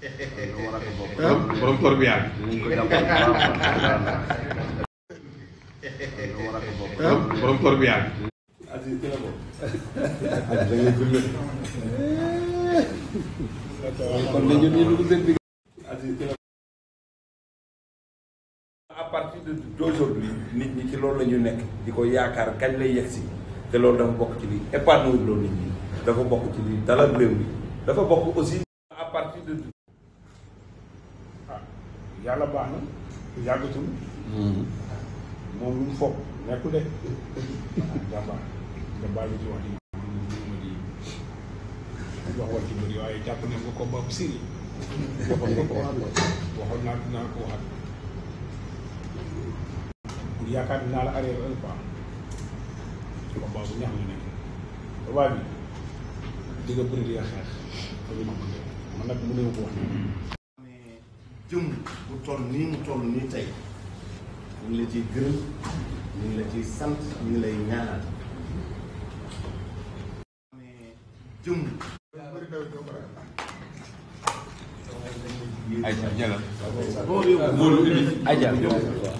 borom tor bi yàgg. borom nit ñi ci loolu la nekk di ko yaakaar kañ la yegg si te loolu dafa bokk ci li épargne loolu nit ñi dafa bokk ci li dalal réew mi dafa bokk aussi à partir de yàlla baax na yàggatul. Hmm. moom lu mu foog nekkul de jàmbaar jàmbaar lu ci wax di wax wax ci bëri waaye jàpp ne nga ko bopp siri nga ko waxoon naa naa ko waxat yaakaar naa la arrière un pas combat bu neex la nekk combat bi di nga bëri di nga xeex man nag mu ne ko wax jëm bu toll nii mu toll nii tey ñu la ciy gërëm mu la ciy sant ñu lay lay ñaanal jëm ay jëlal